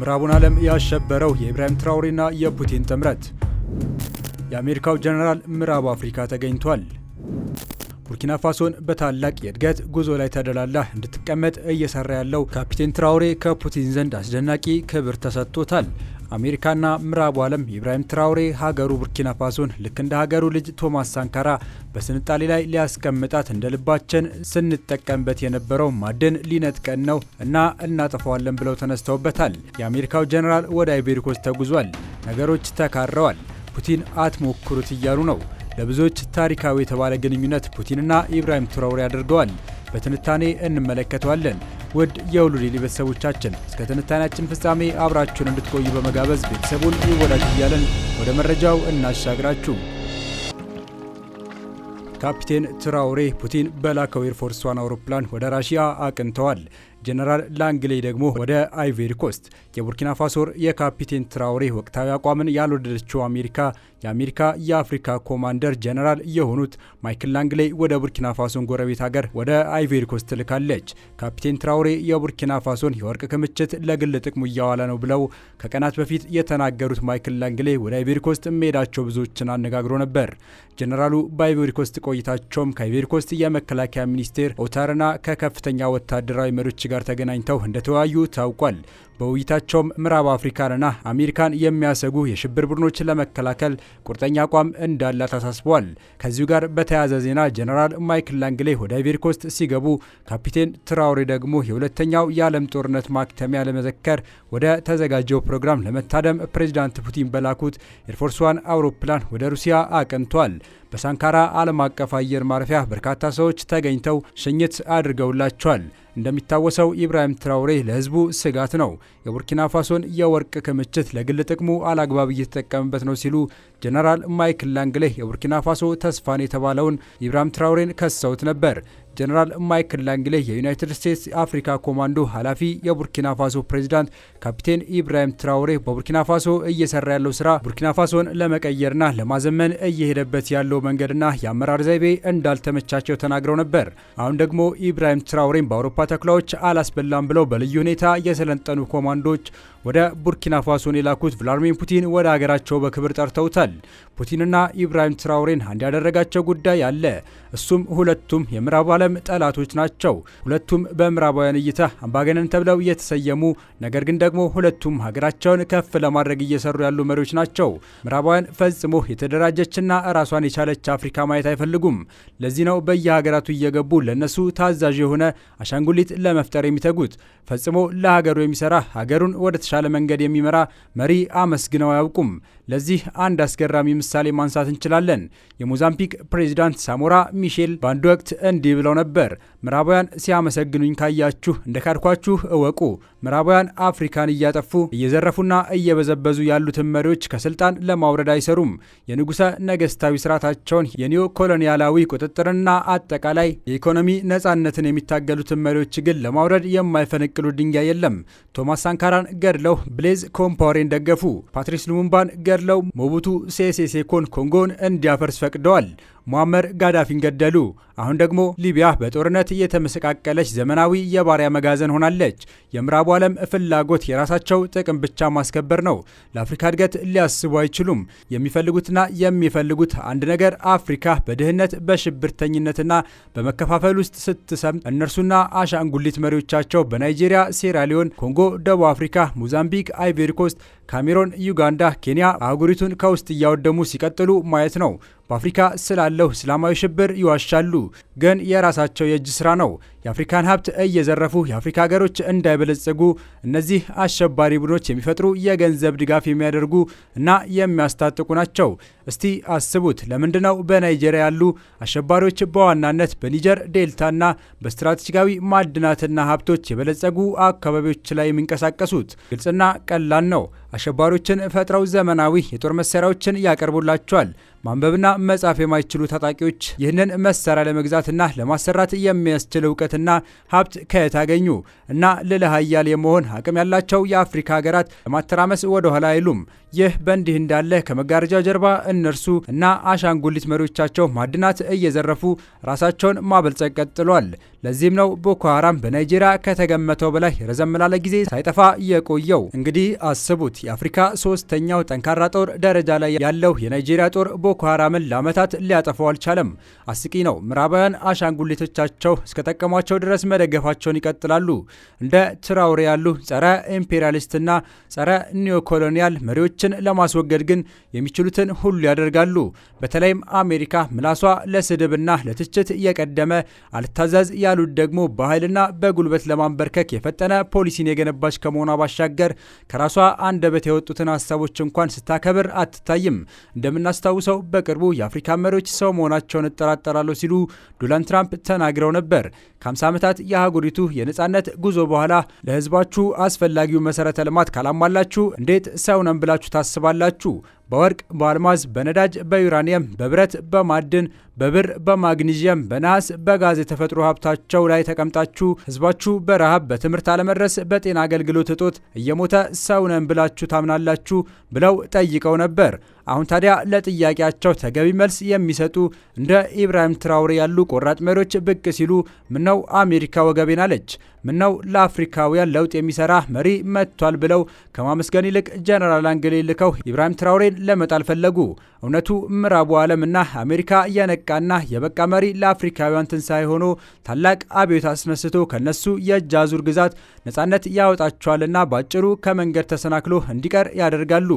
ምዕራቡን ዓለም ያሸበረው የኢብራሂም ትራውሬና የፑቲን ጥምረት። የአሜሪካው ጀነራል ምዕራብ አፍሪካ ተገኝቷል። ቡርኪና ፋሶን በታላቅ የእድገት ጉዞ ላይ ተደላላ እንድትቀመጥ እየሰራ ያለው ካፒቴን ትራውሬ ከፑቲን ዘንድ አስደናቂ ክብር ተሰጥቶታል። አሜሪካና ምዕራቡ ዓለም ኢብራሂም ትራውሬ ሀገሩ ቡርኪና ፋሶን ልክ እንደ ሀገሩ ልጅ ቶማስ ሳንካራ በስንጣሌ ላይ ሊያስቀምጣት እንደ ልባችን ስንጠቀምበት የነበረው ማዕድን ሊነጥቀን ነው እና እናጠፋዋለን ብለው ተነስተውበታል። የአሜሪካው ጀኔራል ወደ አይቤሪኮስ ተጉዟል። ነገሮች ተካረዋል። ፑቲን አትሞክሩት እያሉ ነው። ለብዙዎች ታሪካዊ የተባለ ግንኙነት ፑቲንና ኢብራሂም ትራውሬ አድርገዋል። በትንታኔ እንመለከተዋለን። ውድ የሁሉ ዴይሊ ቤተሰቦቻችን እስከ ትንታኔያችን ፍጻሜ አብራችሁን እንድትቆዩ በመጋበዝ ቤተሰቡን ይወዳጅ እያለን ወደ መረጃው እናሻግራችሁ። ካፒቴን ትራውሬ ፑቲን በላከው ኤርፎርስ ዋን አውሮፕላን ወደ ራሺያ አቅንተዋል። ጀነራል ላንግሌ ደግሞ ወደ አይቬሪ ኮስት። የቡርኪና ፋሶር የካፒቴን ትራውሬ ወቅታዊ አቋምን ያልወደደችው አሜሪካ የአሜሪካ የአፍሪካ ኮማንደር ጀነራል የሆኑት ማይክል ላንግሌ ወደ ቡርኪና ፋሶን ጎረቤት ሀገር ወደ አይቬሪ ኮስት ልካለች። ካፒቴን ትራውሬ የቡርኪና ፋሶን የወርቅ ክምችት ለግል ጥቅሙ እያዋለ ነው ብለው ከቀናት በፊት የተናገሩት ማይክል ላንግሌ ወደ አይቬሪ ኮስት መሄዳቸው ብዙዎችን አነጋግሮ ነበር። ጀነራሉ በአይቬሪ ኮስት ቆይታቸውም ከአይቬሪ ኮስት የመከላከያ ሚኒስቴር ኦታርና ከከፍተኛ ወታደራዊ መሪዎች ጋር ተገናኝተው እንደተወያዩ ታውቋል። በውይይታቸውም ምዕራብ አፍሪካንና አሜሪካን የሚያሰጉ የሽብር ቡድኖችን ለመከላከል ቁርጠኛ አቋም እንዳላት አሳስበዋል። ከዚሁ ጋር በተያያዘ ዜና ጀነራል ማይክል ላንግሌ ወደ ኮስት ሲገቡ፣ ካፒቴን ትራውሬ ደግሞ የሁለተኛው የዓለም ጦርነት ማክተሚያ ለመዘከር ወደ ተዘጋጀው ፕሮግራም ለመታደም ፕሬዚዳንት ፑቲን በላኩት ኤርፎርስ ዋን አውሮፕላን ወደ ሩሲያ አቅንቷል። በሳንካራ ዓለም አቀፍ አየር ማረፊያ በርካታ ሰዎች ተገኝተው ሽኝት አድርገውላቸዋል። እንደሚታወሰው ኢብራሂም ትራውሬ ለህዝቡ ስጋት ነው። የቡርኪና ፋሶን የወርቅ ክምችት ለግል ጥቅሙ አላግባብ እየተጠቀምበት ነው ሲሉ ጀነራል ማይክል ላንግሌህ የቡርኪና ፋሶ ተስፋን የተባለውን ኢብራሂም ትራውሬን ከሰውት ነበር። ጀኔራል ማይክል ላንግሌ የዩናይትድ ስቴትስ የአፍሪካ ኮማንዶ ኃላፊ፣ የቡርኪና ፋሶ ፕሬዚዳንት ካፒቴን ኢብራሂም ትራውሬ በቡርኪና ፋሶ እየሰራ ያለው ስራ ቡርኪና ፋሶን ለመቀየርና ለማዘመን እየሄደበት ያለው መንገድና የአመራር ዘይቤ እንዳልተመቻቸው ተናግረው ነበር። አሁን ደግሞ ኢብራሂም ትራውሬን በአውሮፓ ተኩላዎች አላስበላም ብለው በልዩ ሁኔታ የሰለጠኑ ኮማንዶዎች ወደ ቡርኪና ፋሶን የላኩት ቭላድሚር ፑቲን ወደ አገራቸው በክብር ጠርተውታል። ፑቲንና ኢብራሂም ትራውሬን አንድ ያደረጋቸው ጉዳይ አለ። እሱም ሁለቱም የምዕራቡ ዓለም ጠላቶች ናቸው። ሁለቱም በምዕራባውያን እይታ አምባገነን ተብለው የተሰየሙ ነገር ግን ደግሞ ሁለቱም ሀገራቸውን ከፍ ለማድረግ እየሰሩ ያሉ መሪዎች ናቸው። ምዕራባውያን ፈጽሞ የተደራጀችና ራሷን የቻለች አፍሪካ ማየት አይፈልጉም። ለዚህ ነው በየሀገራቱ እየገቡ ለነሱ ታዛዥ የሆነ አሻንጉሊት ለመፍጠር የሚተጉት። ፈጽሞ ለሀገሩ የሚሰራ ሀገሩን ወደ ተሻ ወደተሻለ መንገድ የሚመራ መሪ አመስግነው አያውቁም። ለዚህ አንድ አስገራሚ ምሳሌ ማንሳት እንችላለን። የሞዛምቢክ ፕሬዚዳንት ሳሞራ ሚሼል በአንድ ወቅት እንዲህ ብለው ነበር። ምዕራባውያን ሲያመሰግኑኝ ካያችሁ እንደ ካድኳችሁ እወቁ። ምዕራባውያን አፍሪካን እያጠፉ እየዘረፉና እየበዘበዙ ያሉትን መሪዎች ከስልጣን ለማውረድ አይሰሩም። የንጉሠ ነገሥታዊ ስርዓታቸውን የኒዮ ኮሎኒያላዊ ቁጥጥርና አጠቃላይ የኢኮኖሚ ነጻነትን የሚታገሉትን መሪዎች ግን ለማውረድ የማይፈነቅሉ ድንጋይ የለም። ቶማስ ሳንካራን ገድለው ያለው ብሌዝ ኮምፓሬን ደገፉ። ፓትሪስ ሉሙምባን ገድለው ሞቡቱ ሴሴሴኮን ኮንጎን እንዲያፈርስ ፈቅደዋል። ሙአመር ጋዳፊን ገደሉ። አሁን ደግሞ ሊቢያ በጦርነት እየተመሰቃቀለች ዘመናዊ የባሪያ መጋዘን ሆናለች። የምዕራቡ ዓለም ፍላጎት የራሳቸው ጥቅም ብቻ ማስከበር ነው። ለአፍሪካ እድገት ሊያስቡ አይችሉም። የሚፈልጉትና የሚፈልጉት አንድ ነገር አፍሪካ በድህነት በሽብርተኝነትና በመከፋፈል ውስጥ ስትሰም እነርሱና አሻንጉሊት መሪዎቻቸው በናይጄሪያ፣ ሴራሊዮን፣ ኮንጎ፣ ደቡብ አፍሪካ፣ ሞዛምቢክ፣ አይቬሪኮስት፣ ካሜሮን፣ ዩጋንዳ፣ ኬንያ አህጉሪቱን ከውስጥ እያወደሙ ሲቀጥሉ ማየት ነው። በአፍሪካ ስላለው እስላማዊ ሽብር ይዋሻሉ፣ ግን የራሳቸው የእጅ ስራ ነው። የአፍሪካን ሀብት እየዘረፉ የአፍሪካ ሀገሮች እንዳይበለጸጉ እነዚህ አሸባሪ ቡድኖች የሚፈጥሩ የገንዘብ ድጋፍ የሚያደርጉ እና የሚያስታጥቁ ናቸው። እስቲ አስቡት። ለምንድ ነው በናይጄሪያ ያሉ አሸባሪዎች በዋናነት በኒጀር ዴልታና በስትራቴጂካዊ ማዕድናትና ሀብቶች የበለጸጉ አካባቢዎች ላይ የሚንቀሳቀሱት? ግልጽና ቀላል ነው። አሸባሪዎችን ፈጥረው ዘመናዊ የጦር መሳሪያዎችን ያቀርቡላቸዋል። ማንበብና መጻፍ የማይችሉ ታጣቂዎች ይህንን መሳሪያ ለመግዛትና ለማሰራት የሚያስችል እውቀት ንብረትና ሀብት ከየት አገኙ? እና ልዕለ ኃያል የመሆን አቅም ያላቸው የአፍሪካ ሀገራት ለማተራመስ ወደኋላ አይሉም። ይህ በእንዲህ እንዳለ ከመጋረጃ ጀርባ እነርሱ እና አሻንጉሊት መሪዎቻቸው ማዕድናት እየዘረፉ ራሳቸውን ማበልጸግ ቀጥሏል። ለዚህም ነው ቦኮ ሀራም በናይጄሪያ ከተገመተው በላይ ረዘም ላለ ጊዜ ሳይጠፋ የቆየው። እንግዲህ አስቡት የአፍሪካ ሶስተኛው ጠንካራ ጦር ደረጃ ላይ ያለው የናይጄሪያ ጦር ቦኮ ሀራምን ለዓመታት ሊያጠፋው አልቻለም። አስቂ ነው። ምዕራባውያን አሻንጉሊቶቻቸው እስከጠቀሟቸው እስኪያስችላቸው ድረስ መደገፋቸውን ይቀጥላሉ። እንደ ትራውሬ ያሉ ጸረ ኢምፔሪያሊስትና ጸረ ኒዮኮሎኒያል መሪዎችን ለማስወገድ ግን የሚችሉትን ሁሉ ያደርጋሉ። በተለይም አሜሪካ ምላሷ ለስድብና ለትችት የቀደመ አልታዛዝ ያሉት ደግሞ በኃይልና በጉልበት ለማንበርከክ የፈጠነ ፖሊሲን የገነባች ከመሆኗ ባሻገር ከራሷ አንደበት የወጡትን ሀሳቦች እንኳን ስታከብር አትታይም። እንደምናስታውሰው በቅርቡ የአፍሪካ መሪዎች ሰው መሆናቸውን እጠራጠራለሁ ሲሉ ዶናልድ ትራምፕ ተናግረው ነበር። ከ50 ዓመታት የአህጉሪቱ የነፃነት ጉዞ በኋላ ለህዝባችሁ አስፈላጊው መሰረተ ልማት ካላሟላችሁ እንዴት ሰው ነን ብላችሁ ታስባላችሁ? በወርቅ፣ በአልማዝ፣ በነዳጅ፣ በዩራኒየም፣ በብረት፣ በማድን፣ በብር፣ በማግኒዥየም፣ በነሐስ፣ በጋዝ የተፈጥሮ ሀብታቸው ላይ ተቀምጣችሁ ህዝባችሁ በረሃብ፣ በትምህርት አለመድረስ፣ በጤና አገልግሎት እጦት እየሞተ ሰውነን ብላችሁ ታምናላችሁ ብለው ጠይቀው ነበር። አሁን ታዲያ ለጥያቄያቸው ተገቢ መልስ የሚሰጡ እንደ ኢብራሂም ትራውሬ ያሉ ቆራጥ መሪዎች ብቅ ሲሉ ምነው አሜሪካ ወገቤን አለች፣ ምነው ለአፍሪካውያን ለውጥ የሚሰራ መሪ መጥቷል ብለው ከማመስገን ይልቅ ጀነራል አንግሌ ልከው ኢብራሂም ትራውሬን ለመጣል ፈለጉ። እውነቱ ምዕራቡ ዓለምና አሜሪካ የነቃና የበቃ መሪ ለአፍሪካውያን ትንሣኤ ሆኖ ታላቅ አብዮት አስነስቶ ከነሱ የእጅ አዙር ግዛት ነጻነት ያወጣቸዋልና ባጭሩ ከመንገድ ተሰናክሎ እንዲቀር ያደርጋሉ።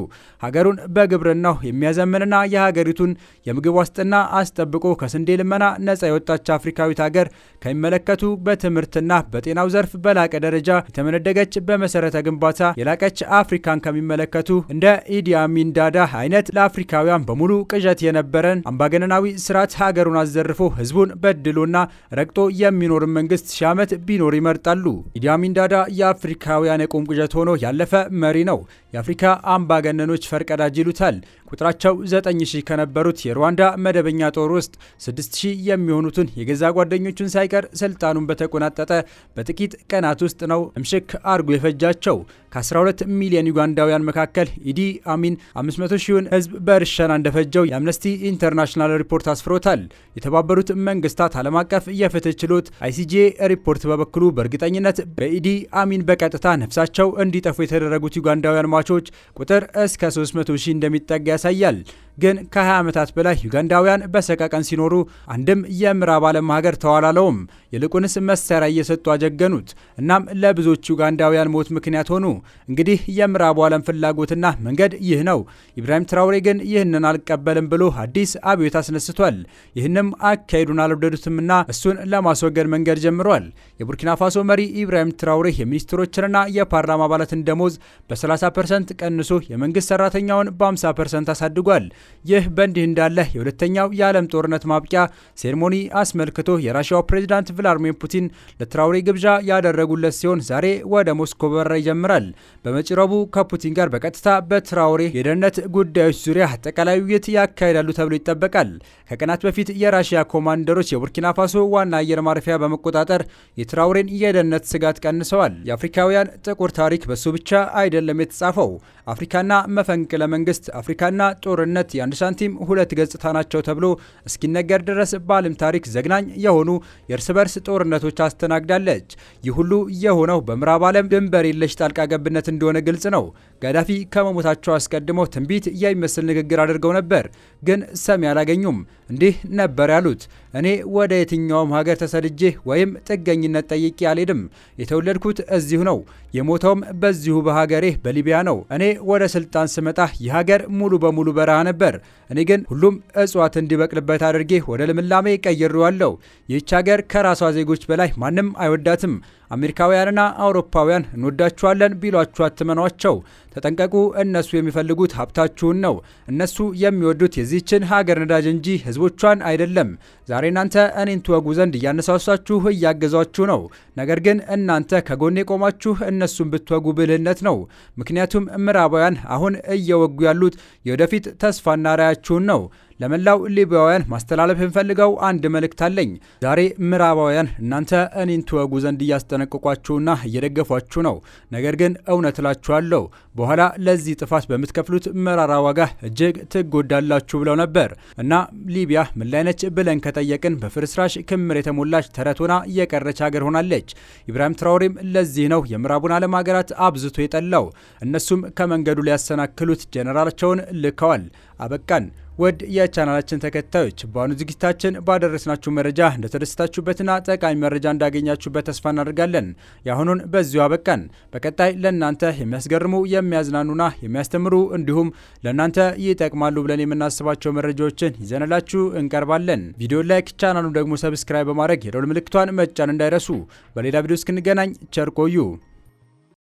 ሀገሩን በግብርናው የሚያዘምንና የሀገሪቱን የምግብ ዋስትና አስጠብቆ ከስንዴ ልመና ነጻ የወጣች አፍሪካዊት ሀገር ከሚመለከቱ በትምህርትና በጤናው ዘርፍ በላቀ ደረጃ የተመነደገች በመሰረተ ግንባታ የላቀች አፍሪካን ከሚመለከቱ እንደ ኢዲ አሚን ዳዳ ሳላህ አይነት ለአፍሪካውያን በሙሉ ቅዠት የነበረን አምባገነናዊ ስርዓት ሀገሩን አዘርፎ ህዝቡን በድሎና ረግጦ የሚኖር መንግስት ሺ ዓመት ቢኖር ይመርጣሉ። ኢዲ አሚን ዳዳ የአፍሪካውያን የቁም ቅዠት ሆኖ ያለፈ መሪ ነው። የአፍሪካ አምባገነኖች ፈርቀዳጅ ይሉታል። ቁጥራቸው 9000 ከነበሩት የሩዋንዳ መደበኛ ጦር ውስጥ 6000 የሚሆኑትን የገዛ ጓደኞቹን ሳይቀር ስልጣኑን በተቆናጠጠ በጥቂት ቀናት ውስጥ ነው እምሽክ አድርጎ የፈጃቸው። ከ12 ሚሊዮን ዩጋንዳውያን መካከል ኢዲ አሚን 500 ሺውን ህዝብ በእርሸና እንደፈጀው የአምነስቲ ኢንተርናሽናል ሪፖርት አስፍሮታል። የተባበሩት መንግስታት ዓለም አቀፍ የፍትህ ችሎት አይሲጄ ሪፖርት በበኩሉ በእርግጠኝነት በኢዲ አሚን በቀጥታ ነፍሳቸው እንዲጠፉ የተደረጉት ዩጋንዳውያን ሟቾች ቁጥር እስከ 300 ሺህ እንደሚጠጋ ያሳያል። ግን ከ20 ዓመታት በላይ ዩጋንዳውያን በሰቀቀን ሲኖሩ አንድም የምዕራብ ዓለም ሀገር ተዋላለውም ይልቁንስ መሳሪያ እየሰጡ አጀገኑት። እናም ለብዙዎች ዩጋንዳውያን ሞት ምክንያት ሆኑ። እንግዲህ የምዕራቡ ዓለም ፍላጎትና መንገድ ይህ ነው። ኢብራሂም ትራውሬ ግን ይህንን አልቀበልም ብሎ አዲስ አብዮት አስነስቷል። ይህንም አካሄዱን አልወደዱትምና እሱን ለማስወገድ መንገድ ጀምሯል። የቡርኪና ፋሶ መሪ ኢብራሂም ትራውሬ የሚኒስትሮችንና የፓርላማ አባላትን ደሞዝ በ30 ፐርሰንት ቀንሶ የመንግስት ሰራተኛውን በ50 ፐርሰንት አሳድጓል። ይህ በእንዲህ እንዳለ የሁለተኛው የዓለም ጦርነት ማብቂያ ሴርሞኒ አስመልክቶ የራሽያው ፕሬዚዳንት ቭላድሚር ፑቲን ለትራውሬ ግብዣ ያደረጉለት ሲሆን ዛሬ ወደ ሞስኮ በረራ ይጀምራል። በመጪው ረቡዕ ከፑቲን ጋር በቀጥታ በትራውሬ የደህንነት ጉዳዮች ዙሪያ አጠቃላይ ውይይት ያካሄዳሉ ተብሎ ይጠበቃል። ከቀናት በፊት የራሽያ ኮማንደሮች የቡርኪና ፋሶ ዋና አየር ማረፊያ በመቆጣጠር የትራውሬን የደህንነት ስጋት ቀንሰዋል። የአፍሪካውያን ጥቁር ታሪክ በሱ ብቻ አይደለም የተጻፈው። አፍሪካና መፈንቅለ መንግስት፣ አፍሪካና ጦርነት የአንድ ሳንቲም ሁለት ገጽታ ናቸው ተብሎ እስኪነገር ድረስ በዓለም ታሪክ ዘግናኝ የሆኑ የእርስ በርስ እርስ ጦርነቶች አስተናግዳለች። ይህ ሁሉ የሆነው በምዕራብ ዓለም ድንበር የለሽ ጣልቃ ገብነት እንደሆነ ግልጽ ነው። ጋዳፊ ከመሞታቸው አስቀድመው ትንቢት የሚመስል ንግግር አድርገው ነበር፣ ግን ሰሚ አላገኙም። እንዲህ ነበር ያሉት፣ እኔ ወደ የትኛውም ሀገር ተሰድጄ ወይም ጥገኝነት ጠይቄ አልሄድም። የተወለድኩት እዚሁ ነው፣ የሞተውም በዚሁ በሀገሬ በሊቢያ ነው። እኔ ወደ ስልጣን ስመጣ ይህ ሀገር ሙሉ በሙሉ በረሃ ነበር። እኔ ግን ሁሉም እጽዋት እንዲበቅልበት አድርጌ ወደ ልምላሜ ቀይሬዋለሁ። ይህች ሀገር ከራሷ ዜጎች በላይ ማንም አይወዳትም። አሜሪካውያንና አውሮፓውያን እንወዳችኋለን ቢሏችሁ አትመኗቸው። ተጠንቀቁ። እነሱ የሚፈልጉት ሀብታችሁን ነው። እነሱ የሚወዱት የዚህችን ሀገር ነዳጅ እንጂ ህዝቦቿን አይደለም። ዛሬ እናንተ እኔን ትወጉ ዘንድ እያነሳሳችሁ እያገዟችሁ ነው። ነገር ግን እናንተ ከጎን የቆማችሁ እነሱን ብትወጉ ብልህነት ነው። ምክንያቱም ምዕራባውያን አሁን እየወጉ ያሉት የወደፊት ተስፋና ራያችሁን ነው። ለመላው ሊቢያውያን ማስተላለፍ የምፈልገው አንድ መልእክት አለኝ። ዛሬ ምዕራባውያን እናንተ እኔን ትወጉ ዘንድ እያስጠነቅቋችሁና እየደገፏችሁ ነው። ነገር ግን እውነት እላችኋለሁ በኋላ ለዚህ ጥፋት በምትከፍሉት መራራ ዋጋ እጅግ ትጎዳላችሁ ብለው ነበር እና ሊቢያ ምን ላይ ነች ብለን ከጠየቅን በፍርስራሽ ክምር የተሞላች ተረት ሆና የቀረች ሀገር ሆናለች። ኢብራሂም ትራውሬም ለዚህ ነው የምዕራቡን ዓለም ሀገራት አብዝቶ የጠላው። እነሱም ከመንገዱ ሊያሰናክሉት ጀነራላቸውን ልከዋል። አበቃን። ወድ የቻናላችን ተከታዮች በአሁኑ ዝግጅታችን ባደረስናችሁ መረጃ እንደተደሰታችሁበትና ጠቃሚ መረጃ እንዳገኛችሁበት ተስፋ እናደርጋለን። የአሁኑን በዚሁ አበቃን። በቀጣይ ለእናንተ የሚያስገርሙ የሚያዝናኑና የሚያስተምሩ እንዲሁም ለእናንተ ይጠቅማሉ ብለን የምናስባቸው መረጃዎችን ይዘንላችሁ እንቀርባለን። ቪዲዮ ላይክ፣ ቻናሉን ደግሞ ሰብስክራይብ በማድረግ የደወል ምልክቷን መጫን እንዳይረሱ። በሌላ ቪዲዮ እስክንገናኝ ቸር ቆዩ።